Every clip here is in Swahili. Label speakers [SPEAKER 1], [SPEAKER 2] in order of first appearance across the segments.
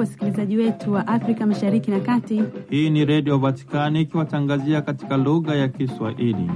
[SPEAKER 1] Hujambo wasikilizaji wetu wa Afrika Mashariki na Kati.
[SPEAKER 2] Hii ni Redio Vatikani ikiwatangazia katika lugha ya Kiswahili.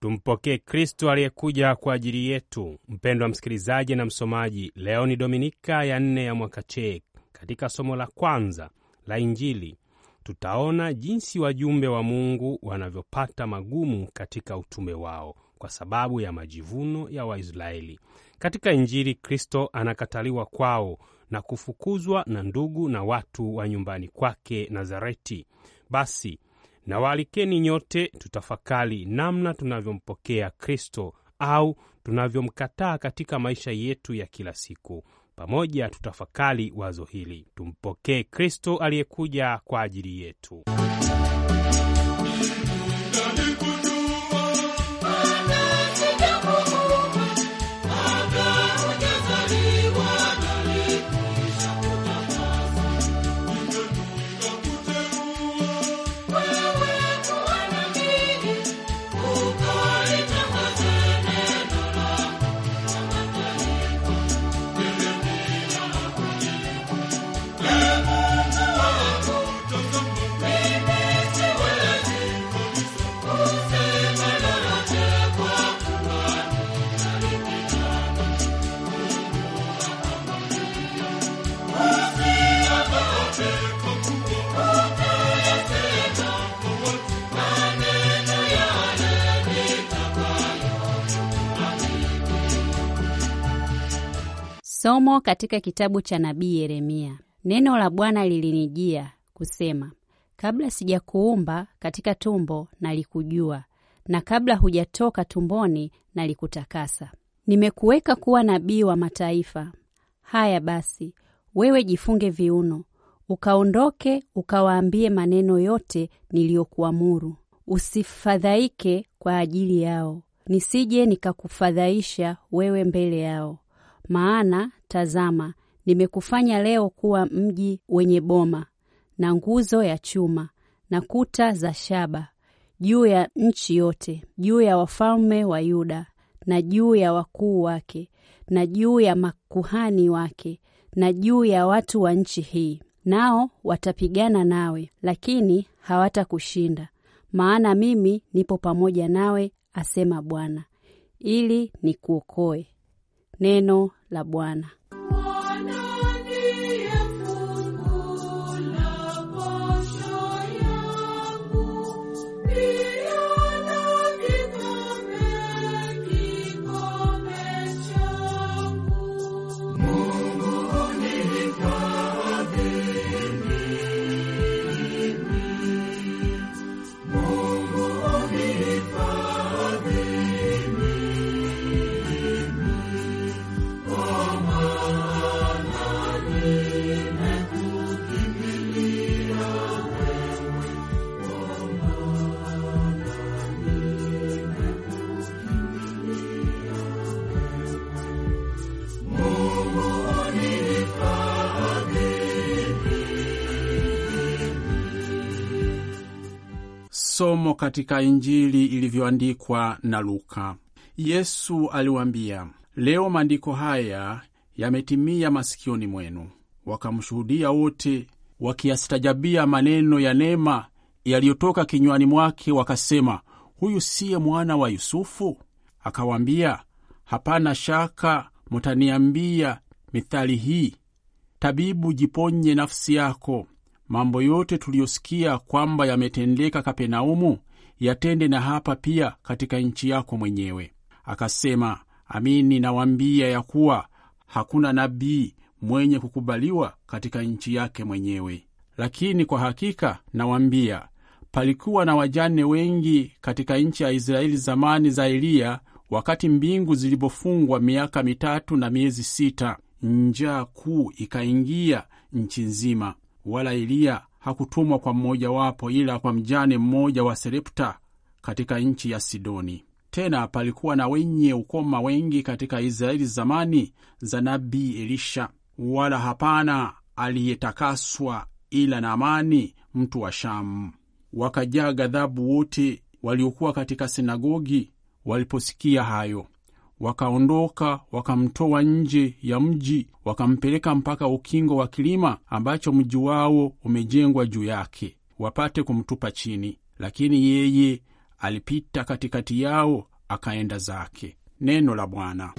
[SPEAKER 2] Tumpokee Kristo aliyekuja kwa ajili yetu. Mpendwa msikilizaji na msomaji, leo ni Dominika ya nne ya mwaka C. Katika somo la kwanza la Injili tutaona jinsi wajumbe wa Mungu wanavyopata magumu katika utume wao kwa sababu ya majivuno ya Waisraeli. Katika Injili, Kristo anakataliwa kwao na kufukuzwa na ndugu na watu wa nyumbani kwake Nazareti. Basi na walikeni nyote tutafakari namna tunavyompokea Kristo au tunavyomkataa katika maisha yetu ya kila siku. Pamoja tutafakari wazo hili: tumpokee Kristo aliyekuja kwa ajili yetu.
[SPEAKER 1] Somo katika kitabu cha nabii Yeremia. Neno la Bwana lilinijia kusema, kabla sijakuumba katika tumbo nalikujua, na kabla hujatoka tumboni nalikutakasa. Nimekuweka kuwa nabii wa mataifa. Haya basi, wewe jifunge viuno, ukaondoke ukawaambie maneno yote niliyokuamuru. Usifadhaike kwa ajili yao, nisije nikakufadhaisha wewe mbele yao, maana tazama, nimekufanya leo kuwa mji wenye boma na nguzo ya chuma na kuta za shaba, juu ya nchi yote, juu ya wafalme wa Yuda na juu ya wakuu wake na juu ya makuhani wake na juu ya watu wa nchi hii. Nao watapigana nawe, lakini hawatakushinda, maana mimi nipo pamoja nawe, asema Bwana, ili nikuokoe. Neno la Bwana.
[SPEAKER 3] somo katika Injili ilivyoandikwa na Luka. Yesu aliwaambia, leo maandiko haya yametimia masikioni mwenu. Wakamshuhudia wote, wakiyastajabia maneno ya neema yaliyotoka kinywani mwake, wakasema, huyu siye mwana wa Yusufu? Akawaambia, hapana shaka mutaniambia mithali hii, tabibu, jiponye nafsi yako, mambo yote tuliyosikia kwamba yametendeka kapenaumu yatende na hapa pia katika nchi yako mwenyewe. Akasema, Amini nawaambia ya kuwa hakuna nabii mwenye kukubaliwa katika nchi yake mwenyewe. Lakini kwa hakika nawaambia, palikuwa na wajane wengi katika nchi ya Israeli zamani za Eliya, wakati mbingu zilipofungwa miaka mitatu na miezi sita, njaa kuu ikaingia nchi nzima wala Eliya hakutumwa kwa mmojawapo, ila kwa mjane mmoja wa Serepta katika nchi ya Sidoni. Tena palikuwa na wenye ukoma wengi katika Israeli zamani za nabii Elisha, wala hapana aliyetakaswa ila Naamani mtu wa Shamu. Wakajaa ghadhabu wote waliokuwa katika sinagogi waliposikia hayo wakaondoka wakamtoa nje ya mji wakampeleka mpaka ukingo wa kilima ambacho mji wao umejengwa juu yake, wapate kumtupa chini. Lakini yeye alipita katikati yao akaenda zake. Neno la Bwana.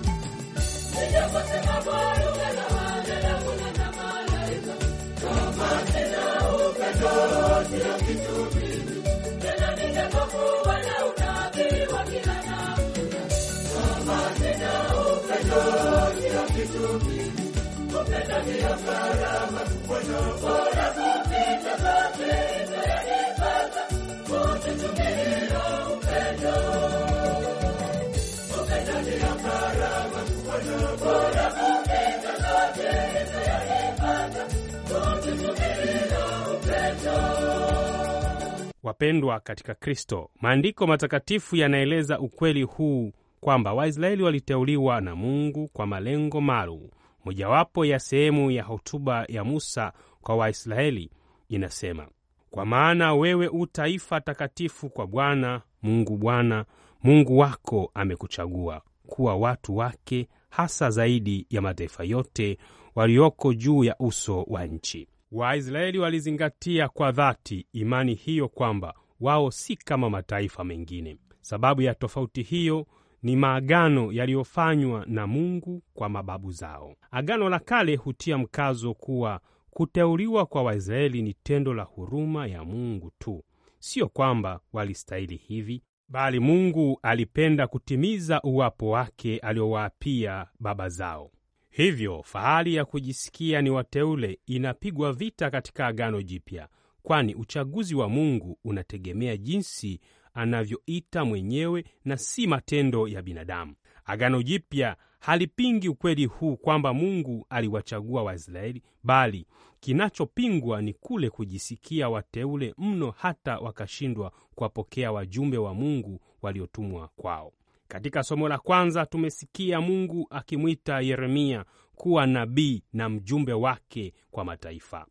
[SPEAKER 2] Wapendwa katika Kristo, maandiko matakatifu yanaeleza ukweli huu kwamba Waisraeli waliteuliwa na Mungu kwa malengo maalum. Mojawapo ya sehemu ya hotuba ya Musa kwa Waisraeli inasema, kwa maana wewe u taifa takatifu kwa Bwana Mungu, Bwana Mungu wako amekuchagua kuwa watu wake, hasa zaidi ya mataifa yote walioko juu ya uso wa nchi. Waisraeli walizingatia kwa dhati imani hiyo kwamba wao si kama mataifa mengine. Sababu ya tofauti hiyo ni maagano yaliyofanywa na Mungu kwa mababu zao. Agano la Kale hutia mkazo kuwa kuteuliwa kwa Waisraeli ni tendo la huruma ya Mungu tu, sio kwamba walistahili hivi, bali Mungu alipenda kutimiza uwapo wake aliowaapia baba zao. Hivyo fahari ya kujisikia ni wateule inapigwa vita katika Agano Jipya, kwani uchaguzi wa Mungu unategemea jinsi anavyoita mwenyewe na si matendo ya binadamu. Agano Jipya halipingi ukweli huu kwamba Mungu aliwachagua Waisraeli, bali kinachopingwa ni kule kujisikia wateule mno hata wakashindwa kuwapokea wajumbe wa Mungu waliotumwa kwao. Katika somo la kwanza tumesikia Mungu akimwita Yeremia kuwa nabii na mjumbe wake kwa mataifa.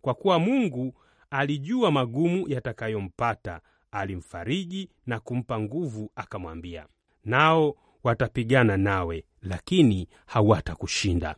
[SPEAKER 2] Kwa kuwa Mungu alijua magumu yatakayompata, alimfariji na kumpa nguvu, akamwambia, nao watapigana nawe, lakini hawatakushinda.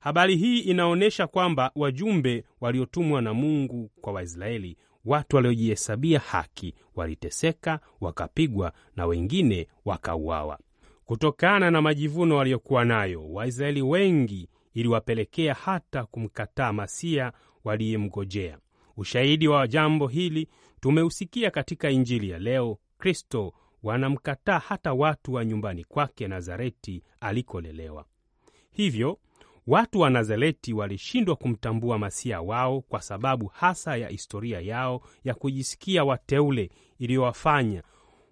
[SPEAKER 2] Habari hii inaonyesha kwamba wajumbe waliotumwa na Mungu kwa Waisraeli, watu waliojihesabia haki, waliteseka, wakapigwa na wengine wakauawa. Kutokana na majivuno waliokuwa nayo, Waisraeli wengi iliwapelekea hata kumkataa Masia waliyemgojea. Ushahidi wa jambo hili tumeusikia katika Injili ya leo. Kristo wanamkataa hata watu wa nyumbani kwake Nazareti alikolelewa. Hivyo watu wa Nazareti walishindwa kumtambua Masia wao kwa sababu hasa ya historia yao ya kujisikia wateule iliyowafanya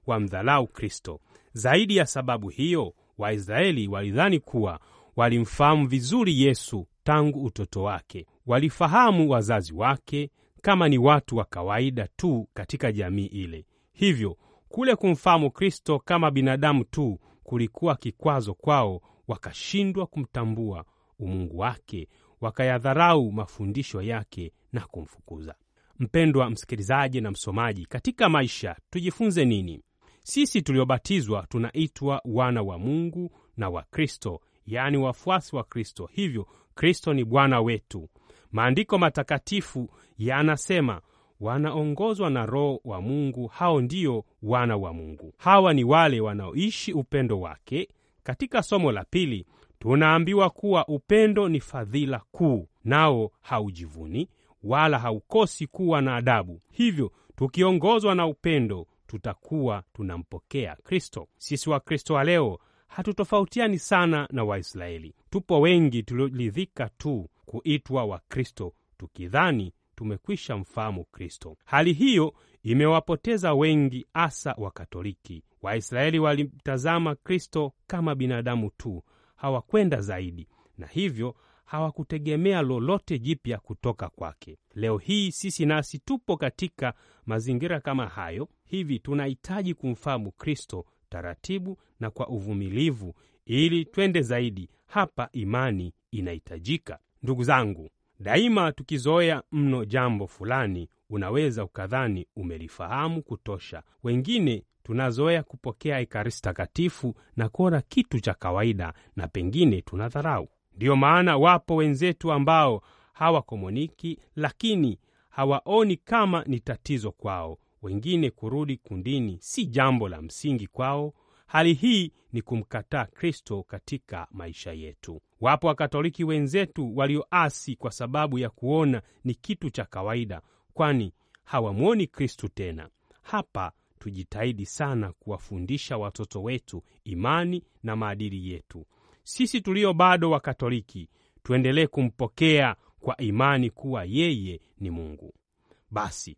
[SPEAKER 2] wamdhalau Kristo. Zaidi ya sababu hiyo, Waisraeli walidhani kuwa walimfahamu vizuri Yesu tangu utoto wake. Walifahamu wazazi wake, kama ni watu wa kawaida tu katika jamii ile. Hivyo kule kumfahamu Kristo kama binadamu tu kulikuwa kikwazo kwao, wakashindwa kumtambua umungu wake, wakayadharau mafundisho yake na kumfukuza. Mpendwa msikilizaji na msomaji, katika maisha tujifunze nini? Sisi tuliobatizwa tunaitwa wana wa Mungu na wa Kristo, yaani wafuasi wa Kristo. Hivyo Kristo ni Bwana wetu, Maandiko matakatifu yanasema wanaongozwa na Roho wa Mungu, hao ndio wana wa Mungu. Hawa ni wale wanaoishi upendo wake. Katika somo la pili tunaambiwa kuwa upendo ni fadhila kuu, nao haujivuni wala haukosi kuwa na adabu. Hivyo tukiongozwa na upendo tutakuwa tunampokea Kristo. Sisi Wakristo wa leo hatutofautiani sana na Waisraeli. Tupo wengi tulioridhika tu kuitwa Wakristo tukidhani tumekwisha mfahamu Kristo. Hali hiyo imewapoteza wengi, hasa Wakatoliki. Waisraeli walimtazama Kristo kama binadamu tu, hawakwenda zaidi, na hivyo hawakutegemea lolote jipya kutoka kwake. Leo hii sisi nasi tupo katika mazingira kama hayo, hivi tunahitaji kumfahamu Kristo taratibu na kwa uvumilivu, ili twende zaidi. Hapa imani inahitajika. Ndugu zangu, daima tukizoea mno jambo fulani, unaweza ukadhani umelifahamu kutosha. Wengine tunazoea kupokea Ekaristi Takatifu na kuona kitu cha kawaida, na pengine tunadharau. Ndiyo maana wapo wenzetu ambao hawakomuniki, lakini hawaoni kama ni tatizo kwao. Wengine kurudi kundini si jambo la msingi kwao, Hali hii ni kumkataa Kristo katika maisha yetu. Wapo Wakatoliki wenzetu walioasi kwa sababu ya kuona ni kitu cha kawaida, kwani hawamwoni Kristu tena. Hapa tujitahidi sana kuwafundisha watoto wetu imani na maadili yetu. Sisi tulio bado Wakatoliki tuendelee kumpokea kwa imani kuwa yeye ni Mungu. Basi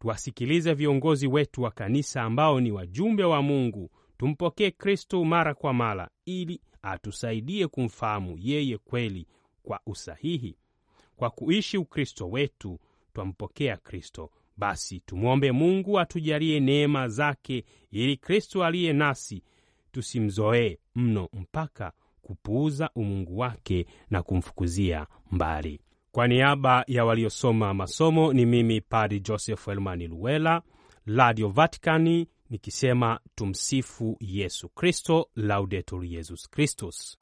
[SPEAKER 2] tuwasikilize viongozi wetu wa kanisa ambao ni wajumbe wa Mungu Tumpokee Kristo mara kwa mara ili atusaidie kumfahamu yeye kweli kwa usahihi. Kwa kuishi Ukristo wetu twampokea Kristo. Basi tumwombe Mungu atujalie neema zake ili Kristo aliye nasi tusimzoee mno mpaka kupuuza umungu wake na kumfukuzia mbali. Kwa niaba ya waliosoma masomo, ni mimi Padi Joseph Elmani Luela, Radio Vaticani, nikisema tumsifu Yesu Kristo, Laudetur Yesus Kristus.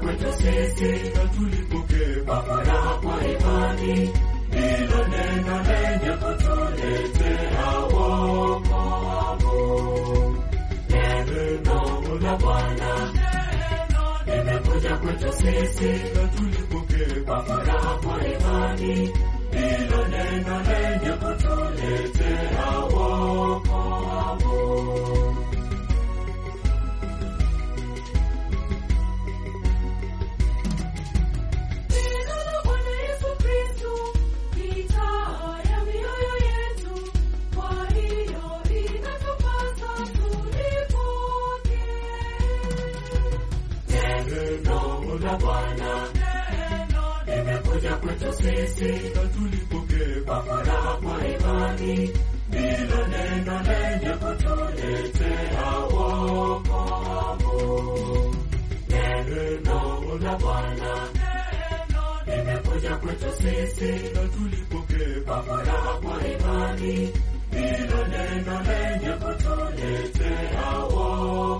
[SPEAKER 4] kwetu sisi, na tulipokea kwa furaha kwa imani hilo neno lenye
[SPEAKER 1] kutuletea wokovu
[SPEAKER 4] amani, ndilo neno lenye kutuletea wokovu. Neno la Bwana limekuja kwetu sisi, na tulipokea kwa furaha kwa imani, ndilo neno lenye kutuletea wokovu.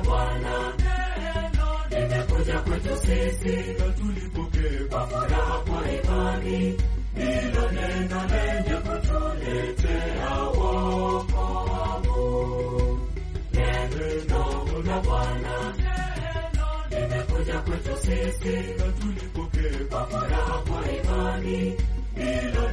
[SPEAKER 4] la Bwana limekuja kwetu sisi, na tulipokea kwa furaha, kwa imani, hilo neno lenye kutuletea wokovu. Neno la Bwana limekuja kwetu sisi, na tulipokea kwa furaha, kwa imani, hilo